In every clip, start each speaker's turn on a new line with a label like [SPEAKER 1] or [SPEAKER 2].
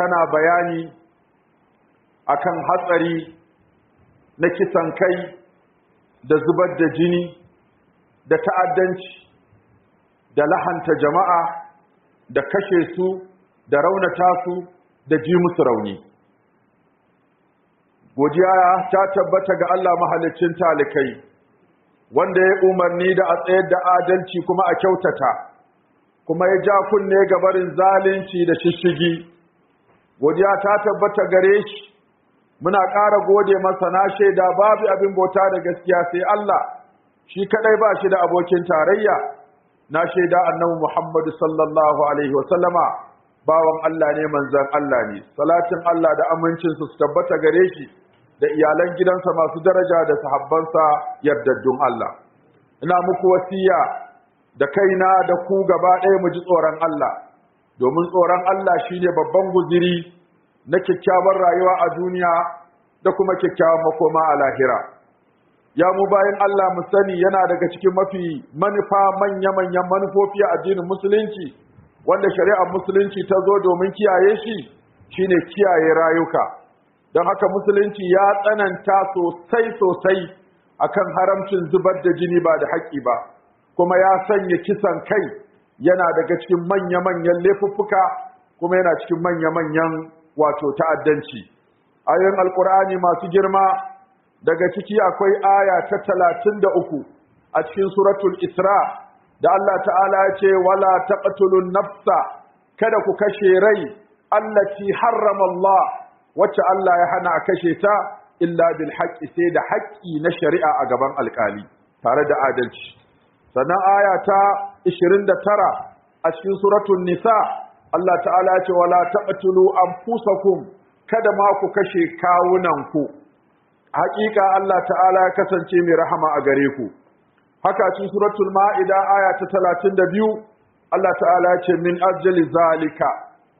[SPEAKER 1] tana bayani akan hatsari na kisan kai da zubar da jini da ta'addanci da lahanta jama'a da kashe su da raunata su da ji musu rauni godiya ta tabbata ga Allah mahalicin talikai wanda ya umarni da a tsayar da adalci kuma a kyautata kuma ya ja kunne ga barin zalunci da shishigi godiya ta tabbata gare shi muna ƙara gode masa na shaida babu abin bota da gaskiya sai Allah shi kadai ba shi da abokin tarayya na shaida annabi Muhammadu sallallahu alaihi wa sallama bawan Allah ne manzon Allah ne salatin Allah da amincin su tabbata gare shi da iyalan gidansa masu daraja da sahabbansa yardaddun Allah ina muku wasiya da kaina da ku gaba ɗaya mu ji tsoron Allah domin tsoron Allah shi ne babban guziri na kyakkyawar rayuwa a duniya da kuma kyakkyawan makoma a lahira ya mu bayan Allah mu sani yana daga cikin mafi manufa manya-manyan manufofi a addinin musulunci wanda shari'ar musulunci ta zo domin kiyaye shi shi ne kiyaye rayuka don haka musulunci ya tsananta sosai sosai a kan haramcin zubar da jini ba da haƙƙi ba kuma ya sanya kisan kai yana daga cikin manya-manyan laifuffuka kuma yana cikin manya-manyan wato ta'addanci ayoyin alkur'ani masu girma daga ciki akwai aya ta talatin da uku a cikin suratul isra da Allah ta'ala ya ce wala taqtulun nafsa kada ku kashe rai allati harrama Allah wacce Allah ya hana a kashe ta illa bil haqqi sai da haƙƙi na shari'a a gaban alƙali tare da adalci sannan aya ta 29 a cikin suratun nisa Allah ta'ala ya ce wala taqtulu anfusakum kada ma ku kashe kawunanku haƙiƙa Allah ta'ala ya kasance mai rahama a gare ku haka cikin suratul ma'ida aya ta 32 Allah ta'ala ya ce min ajli zalika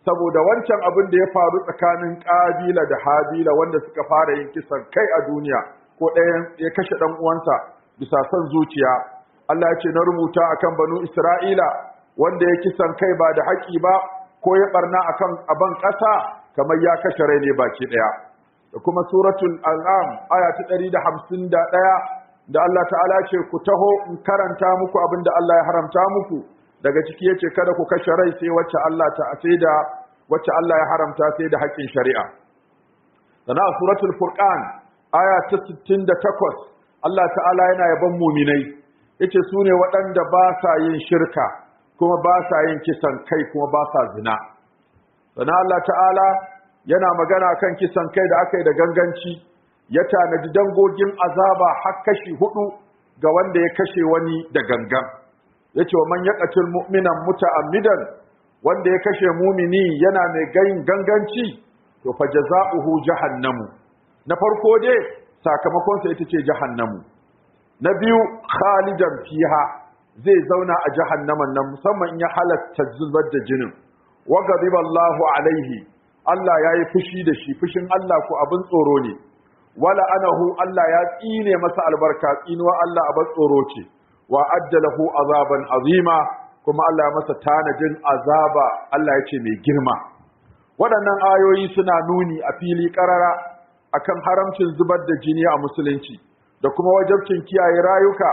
[SPEAKER 1] saboda wancan abin da ya faru tsakanin ƙabila da habila wanda suka fara yin kisan kai a duniya ko ɗayan ya kashe ɗan uwansa bisa son zuciya Allah ya ce na rubuta akan banu Isra'ila wanda ya kisan kai ba da haƙi ba ko ya barna akan aban ƙasa kamar ya kashe rai ne baki ɗaya da kuma suratul al'am aya ta 151 da Allah ta'ala ce ku taho in karanta muku abin da Allah ya haramta muku daga ciki yace kada ku kashe rai sai wacce Allah ta sai da wacce Allah ya haramta sai da haƙin shari'a sana suratul furqan aya ta 68 Allah ta'ala yana yaban muminai yace su ne waɗanda ba sa yin shirka kuma ba sa yin kisan kai kuma ba sa zina sana Allah ta'ala yana magana kan kisan kai da aka yi da ganganci ya tanaji dangogin azaba har kashi hudu ga wanda ya kashe wani da gangan yace wa man yaqatil mu'minan muta'ammidan wanda ya kashe mumini yana mai gayin ganganci to fa jaza'uhu jahannamu na farko dai sakamakon sa ita ce jahannamu na biyu khalidan fiha zai zauna a jahannaman nan musamman ya halatta zubar da jinin wa ghadiballahu alaihi Allah yayi fushi da shi fushin Allah ko abin tsoro ne wala anahu Allah ya tsine masa albarka tsinuwa Allah abin tsoro ce wa ajjalahu azaban azima kuma Allah ya masa tanajin azaba Allah ya ce mai girma waɗannan ayoyi suna nuni a fili karara akan haramcin zubar da jini a musulunci da kuma wajabcin kiyaye rayuka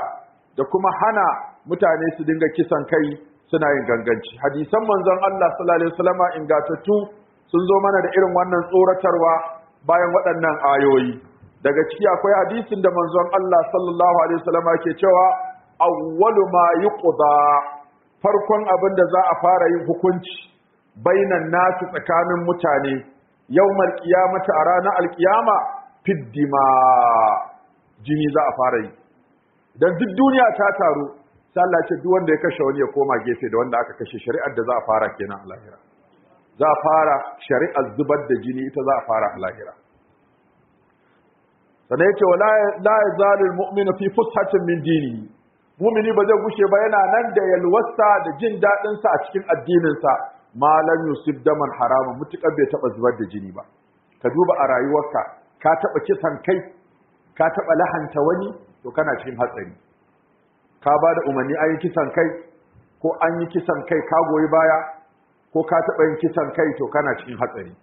[SPEAKER 1] da kuma hana mutane su dinga kisan kai suna yin ganganci hadisan manzon Allah sallallahu alaihi wasallama ingatattu sun zo mana da irin wannan tsoratarwa bayan waɗannan ayoyi daga ciki akwai hadisin da manzon Allah sallallahu alaihi wasallama ke cewa awwalu ma yuqda farkon abin da za a fara yin hukunci bainan nasu tsakanin mutane yawmal mace a ranar alqiyama fiddima jini za a fara yi dan duk duniya ta taru sai duk wanda ya kashe wani ya koma gefe da wanda aka kashe shari'ar da za a fara kenan a lahira za a fara shari'ar zubar da jini ita za a fara a lahira yake wa la zalil mu'minu fi fushatin min dini, mumini ba zai gushe ba yana nan da yalwasta da jin daɗinsa a cikin addininsa malam yusuf daman haramun mutuƙar bai taɓa zubar da jini ba ka duba a rayuwarka ka taɓa kisan kai ka taɓa lahanta wani to kana cikin hatsari ka ba da umarni an yi kisan kai ko an yi kisan kai ka goyi baya ko ka taɓa yin kisan kai to kana cikin hatsari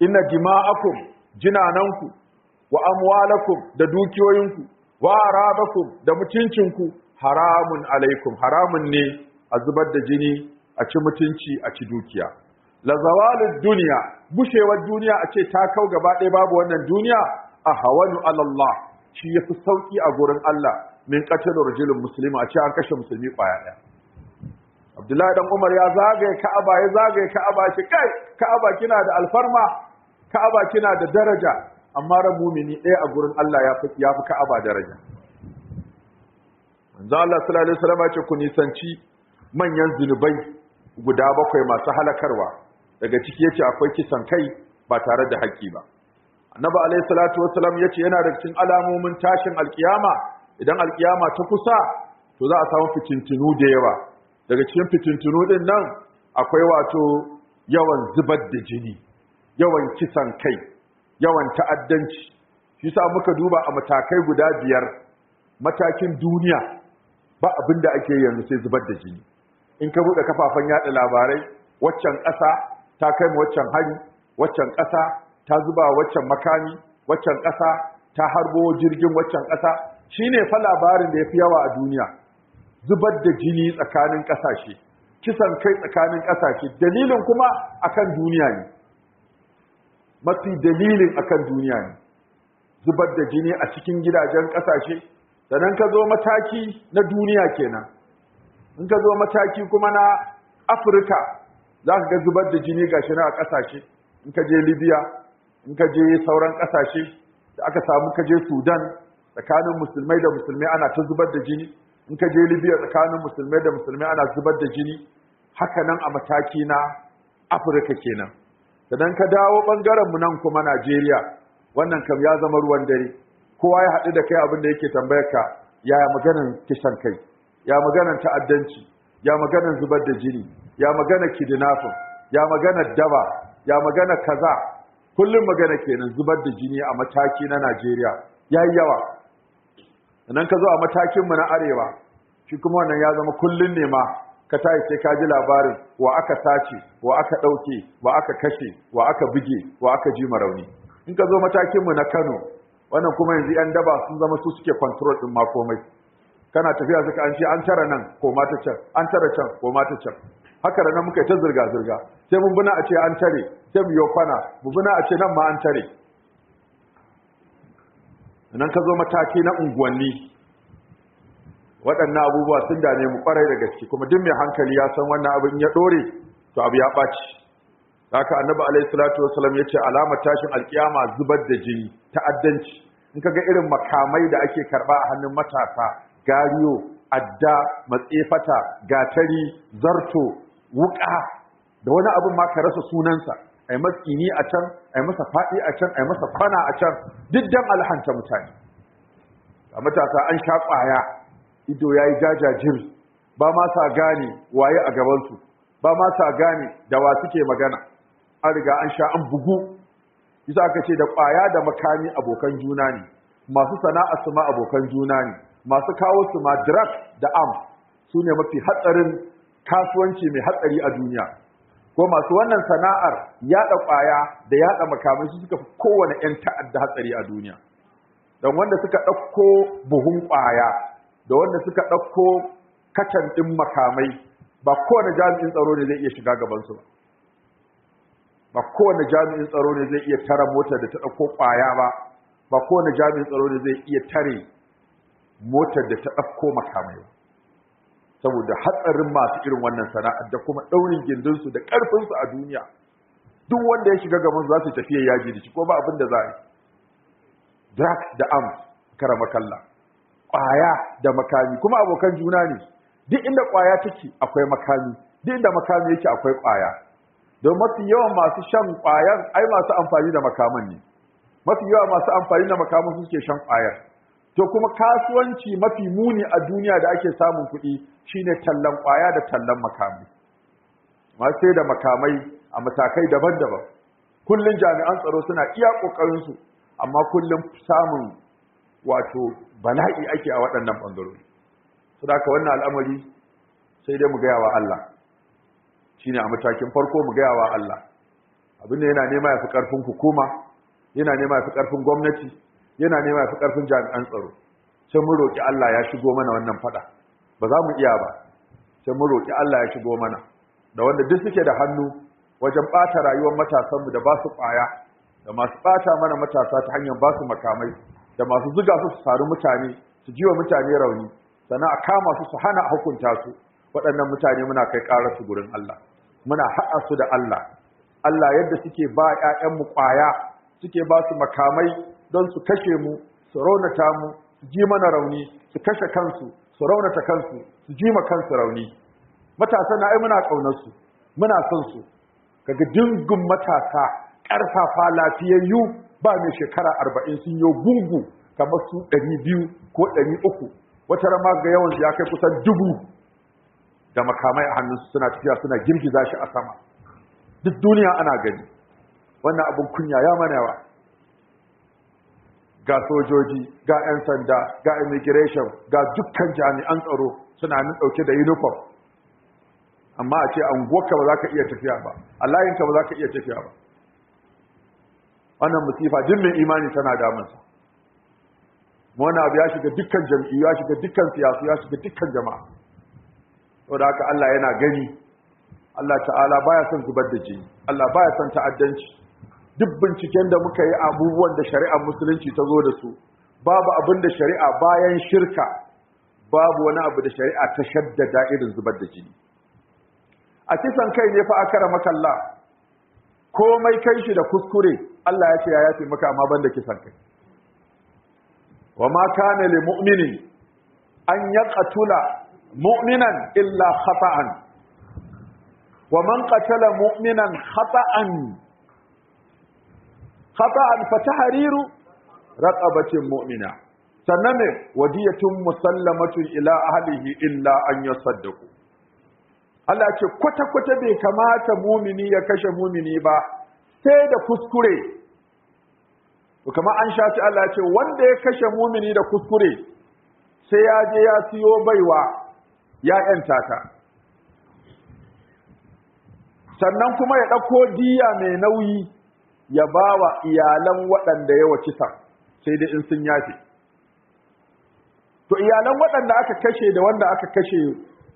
[SPEAKER 1] inna jima'akum jinananku wa amwalakum da dukiyoyinku wa arabakum da mutuncinku haramun alaikum haramun ne a zubar da jini a ci mutunci a ci dukiya la zawalud duniya bushewar duniya a ce ta kau gaba ɗaya babu wannan duniya a ala Allah shi yafi sauƙi a gurin Allah min qatl rajulin muslima a ce an kashe musulmi ƙwaya daya Abdullahi dan Umar ya zagaye Ka'aba ya zagaye Ka'aba shi kai Ka'aba kina da alfarma Ka'aba kina da daraja amma ran mumini ɗaya a gurin Allah ya fi Ka'aba daraja Manzo Allah sallallahu alaihi wasallam ya ce ku nisanci manyan zunubai guda bakwai masu halakarwa daga ciki yace akwai kisan kai ba tare da haƙƙi ba annabi alayhi salatu wassalam yace yana da cikin alamomin tashin alkiyama idan alkiyama ta kusa to za a samu fitintinu da yawa daga cikin fitintinu din nan akwai wato yawan zubar da jini yawan kisan kai yawan ta'addanci shi sa muka duba a matakai guda biyar matakin duniya ba abin da ake yanzu sai zubar da jini in ka buɗe kafafen yaɗa labarai waccan ƙasa ta kai mu waccan hari waccan ƙasa ta zuba waccan makami waccan ƙasa ta harbo jirgin waccan ƙasa shine fa labarin da yafi yawa a duniya zubar da jini tsakanin ƙasashe kisan kai tsakanin ƙasashe dalilin kuma akan duniya ne mafi dalilin akan duniya ne zubar da jini a cikin gidajen ƙasashe sannan ka zo mataki na duniya kenan in ka zo mataki kuma na afirka za ka ga zubar da jini gashi na a ƙasashe in ka je libya in ka je sauran kasashe da aka samu ka je sudan tsakanin musulmai da musulmai ana ta zubar da jini in ka je libya tsakanin musulmai da musulmai ana zubar da jini haka nan a mataki na afirka kenan sadan ka dawo ɓangaren mu nan kuma najeriya wannan kam ya zama ruwan dare kowa ya haɗu da kai abin da yake tambayar ka yaya maganar kishan kai ya maganar ta'addanci ya maganar zubar da jini ya maganar kidnapping ya maganar daba ya maganar kaza kullum magana kenan zubar da jini a mataki na Najeriya yayi yawa nan ka zo a matakin mu na arewa shi kuma wannan ya zama kullum ne ma ka tayi sai ka ji labarin wa aka sace wa aka ɗauke, wa aka kashe wa aka buge wa aka ji marauni in ka zo matakin na Kano wannan kuma yanzu yan daba sun zama su suke control din ma komai kana tafiya suka an ce an tara nan ko mata can an tara can ko mata can haka da muka yi ta zirga-zirga sai mun buna a ce an tare sai mu yi kwana mu buna a ce nan ma an tare nan ka zo mataki na unguwanni waɗannan abubuwa sun da ne mu ƙwarai da gaske kuma duk mai hankali ya san wannan abin ya ɗore to abu ya ɓaci haka annabi alaihi salatu wasallam yace alamar tashin alkiyama zubar da jini ta'addanci in ka ga irin makamai da ake karba a hannun matasa gariyo adda matsefata gatari zarto wuƙa da wani abin ma ka rasa sunansa ai masa ini a can ai masa faɗi a can ai masa kwana a can duk dan alhanta mutane a matasa an sha ƙwaya ido ya yi jajajir ba ma sa gane waye a gabansu ba ma sa gane da wa suke magana an riga an sha an bugu isa aka ce da ƙwaya da makami abokan juna ne masu sana'a su ma abokan juna ne masu kawo su ma da am su ne mafi hatsarin kasuwanci mai hatsari a duniya ko masu wannan sana'ar yada kwaya da yada makamai su suka fi kowane 'yan ta'adda hatsari a duniya don wanda suka ɗauko buhun kwaya da wanda suka ɗauko katan ɗin makamai ba kowane jami'in tsaro ne zai iya shiga gaban su, ba kowane jami'in tsaro ne zai iya tara motar da ta ɗauko ƙwaya ba ba kowane jami'in tsaro ne zai iya tare motar da ta ɗauko makamai ba saboda hatsarin masu irin wannan sana'ar da kuma daurin su da karfin su a duniya duk wanda ya shiga gaban za su tafiya yaji da shi ko ba abin da za a yi drugs da am kara makalla kwaya da makami kuma abokan juna ne duk inda kwaya take akwai makami duk inda makami yake akwai kwaya don mafi yawan masu shan kwayan ai masu amfani da makaman ne mafi yawa masu amfani da makaman suke shan kwayar to kuma kasuwanci mafi muni a duniya da ake samun kuɗi shine tallan ƙwaya da tallan makamai masu sai da makamai a matakai daban-daban kullun jami'an tsaro suna iya ƙoƙarinsu amma kullun samun wato bala'i ake a waɗannan ɓangarori su da wannan al'amari sai dai mu gaya wa Allah shi a matakin farko mu gaya wa Allah abin da yana nema ya fi ƙarfin hukuma yana nema ya fi ƙarfin gwamnati yana nema ya fi ƙarfin jami'an tsaro sai mun roƙi Allah ya shigo mana wannan faɗa ba za mu iya ba sai mun roƙi Allah ya shigo mana da wanda duk suke da hannu wajen ɓata rayuwar matasanmu da ba su ƙwaya da masu ɓata mana matasa ta hanyar ba su makamai da masu zuga su su faru mutane su ji wa mutane rauni sannan a kama su su hana hukunta su waɗannan mutane muna kai su gurin Allah muna haɗa su da Allah Allah yadda suke ba ‘ya'yanmu ƙwaya suke ba su makamai don su kashe mu su raunata mu su ji mana rauni su kashe kansu su raunata kansu su ji ma kansu rauni matasa na ai muna kaunar su muna son su kaga dingun matasa karfafa lafiyayyu ba mai shekara arba'in sun yi gungu kamar su ɗari biyu ko ɗari uku wata rama ga yawan ya kai kusan dubu da makamai a hannunsu suna tafiya suna girgiza shi a sama duk duniya ana gani wannan abin kunya ya mana yawa ga sojoji ga 'yan sanda ga immigration ga dukkan jami'an tsaro suna nan ɗauke da uniform amma a ce gwaka ba za ka iya tafiya ba a layinka ba za ka iya tafiya ba wannan musifa duk imani tana damunsa wani abu ya shiga dukkan jam'iyyu ya shiga dukkan siyasu ya shiga dukkan jama'a da haka Allah yana gani Allah ta'ala baya son zubar da jini Allah baya son ta'addanci duk binciken da muka yi abubuwan da shari'ar musulunci ta zo da su babu abin da shari'a bayan shirka babu wani abu da shari'a ta shaddada irin zubar da jini a kisan kai ne fa aka rama kalla komai kai shi da kuskure Allah ya ce ya yafi maka amma banda kisan kai wa ma kana lil mu'mini an yaqtula mu'minan illa khata'an wa man qatala mu'minan khata'an khata'an fa tahriru raqabatin mu'mina sannan ne wadiyatun musallamatun ila ahlihi illa an yasaddaqu Allah ce kwata kwata bai kamata mumini ya kashe mumini ba sai da kuskure kuma an shaci Allah ce wanda ya kashe mumini da kuskure sai ya je ya siyo baiwa ya yanta ta sannan kuma ya ɗauko diya mai nauyi ya ba wa iyalan waɗanda yawa kisan sai dai in sun yafe to iyalan waɗanda aka kashe da wanda aka kashe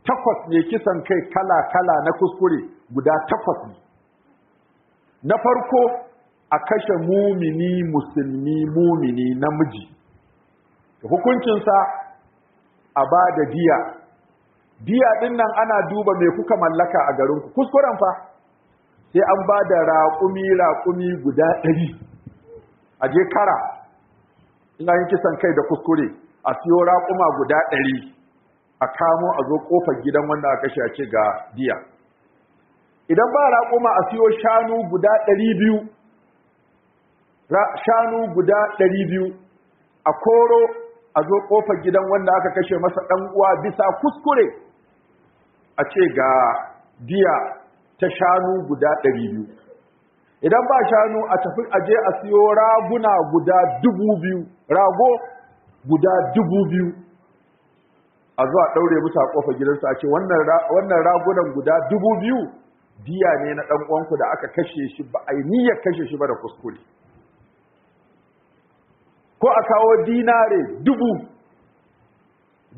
[SPEAKER 1] takwas ne kisan kai kala-kala na kuskure guda takwas ne na farko a kashe mumini musulmi mumini namiji hukuncinsa a ba da diya diya ɗin nan ana duba mai kuka mallaka a garinku kuskuren fa sai an ba da raƙumi raƙumi guda ɗari a je kara ina yin kisan kai da kuskure a siyo raƙuma guda ɗari a kamo a zo ƙofar gidan wanda aka kashe a ce ga diya idan ba raƙuma a siyo shanu guda ɗari biyu shanu guda ɗari biyu a koro a zo ƙofar gidan wanda aka kashe masa ɗan uwa bisa kuskure a ce ga diya ta shanu guda ɗari biyu idan ba shanu a tafi aje a siyo raguna guda dubu biyu rago guda dubu biyu a zuwa ɗaure musu a ƙofa gidansu a ce wannan ragunan guda dubu biyu diya ne na ɗan da aka kashe shi ba a yi niyyar kashe shi ba da kuskure ko a kawo dinare dubu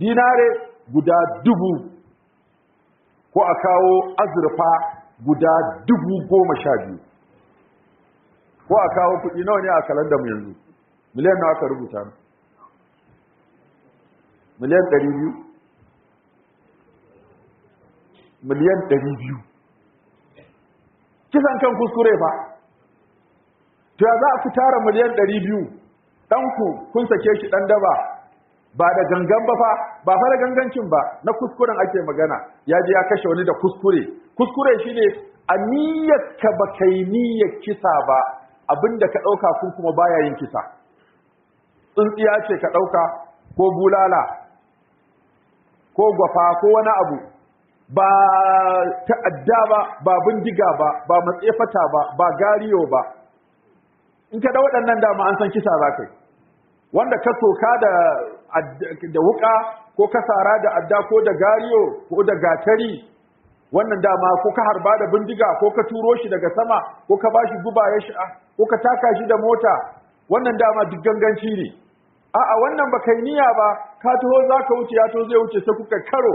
[SPEAKER 1] dinare guda dubu ko a kawo azurfa guda dubu goma sha biyu ko a kawo kuɗi nawa ne a kalanda mu yanzu miliyan na aka rubuta mu miliyan ɗari biyu miliyan ɗari biyu kisan kan kuskure ba to ya za ku tara miliyan ɗari biyu ɗanku kun sake shi ɗan daba ba da gangan ba fa ba fa da gangancin ba na kuskuren ake magana ya je ya kashe wani da kuskure kuskure shine a ka ba kai niyyar kisa ba abinda ka dauka kun kuma baya yin kisa tsintsiya ce ka dauka ko bulala ko gwafa ko wani abu ba ta'adda ba ba bindiga ba ba matsefata ba ba gariyo ba in ka da waɗannan dama an san kisa za kai wanda ka soka da da wuka ko ka sara da adda ko da gariyo ko da gatari wannan dama ko ka harba da bindiga ko ka turo shi daga sama ko ka bashi guba ya sha ah, ko ka taka shi da mota wannan dama duk ganganci ne a'a wannan ba kai niyya ba ka za zaka wuce ya to zai wuce sai kuka karo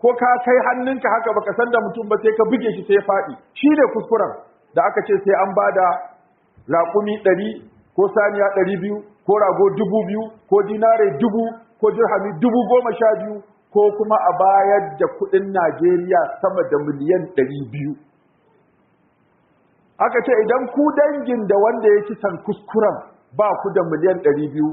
[SPEAKER 1] ko ka kai hannunka haka baka san da mutum ba sai ka buge shi sai ya faɗi shi ne kuskuren da aka ce sai an bada raƙumi ɗari ko saniya ɗari biyu ko rago dubu biyu ko dinare dubu ko jirhami dubu goma sha biyu ko kuma a bayar da kuɗin Najeriya sama da miliyan ɗari biyu. Aka ce idan ku dangin da wanda ya ci san kuskuren ba ku da miliyan ɗari biyu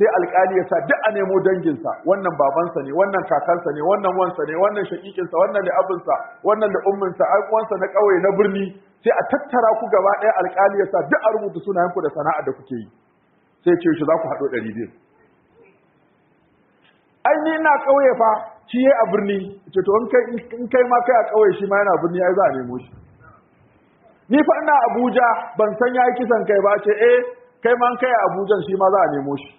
[SPEAKER 1] sai alƙali ya sa duk a nemo danginsa wannan babansa ne wannan kakansa ne wannan wansa ne wannan shakikinsa wannan da abinsa wannan da umminsa ai na ƙauye na birni sai a tattara ku gaba ɗaya alƙali ya sa duk a rubuta sunayenku da sana'a da kuke yi sai ce shi za ku haɗo ɗari biyu ai ni ina ƙauye fa shi yi a birni ce to in kai ma kai a ƙauye shi ma yana birni ai za a nemo shi ni fa ina Abuja ban san yayi kisan kai ba ce eh kai ma kai a Abuja shi ma za a nemo shi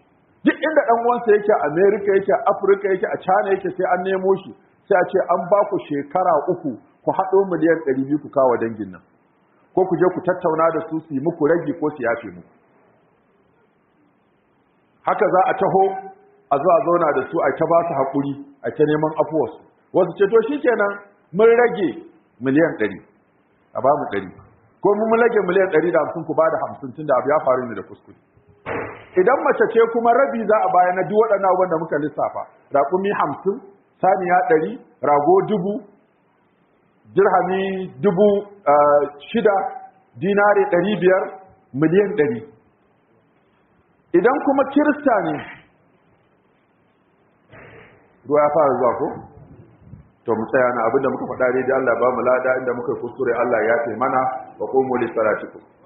[SPEAKER 1] duk inda ɗan uwansa yake a America yake a Afirka yake a China yake sai an nemo shi sai a ce an ba ku shekara uku ku haɗo miliyan ɗari biyu ku kawo dangin nan ko ku je ku tattauna da su su yi muku ragi ko su yafe muku haka za a taho a zuwa zauna da su a ta ba su haƙuri a ta neman afuwarsu wasu ce to shi kenan mun rage miliyan ɗari a ba mu ɗari ko mun rage miliyan ɗari da hamsin ku ba da hamsin tun da abu ya faru ne da kuskure idan mace ce kuma rabi za a baya na duk waɗannan abubuwan da muka lissafa raƙumi hamsin saniya ɗari rago dubu dirhami dubu eh, shida dinari ɗari biyar miliyan ɗari idan kuma kirista ne ruwa ya fara zuwa ko to mu tsaya na abinda muka faɗa ne da Allah ba mu lada inda muka kuskure Allah ya mana wa qumu li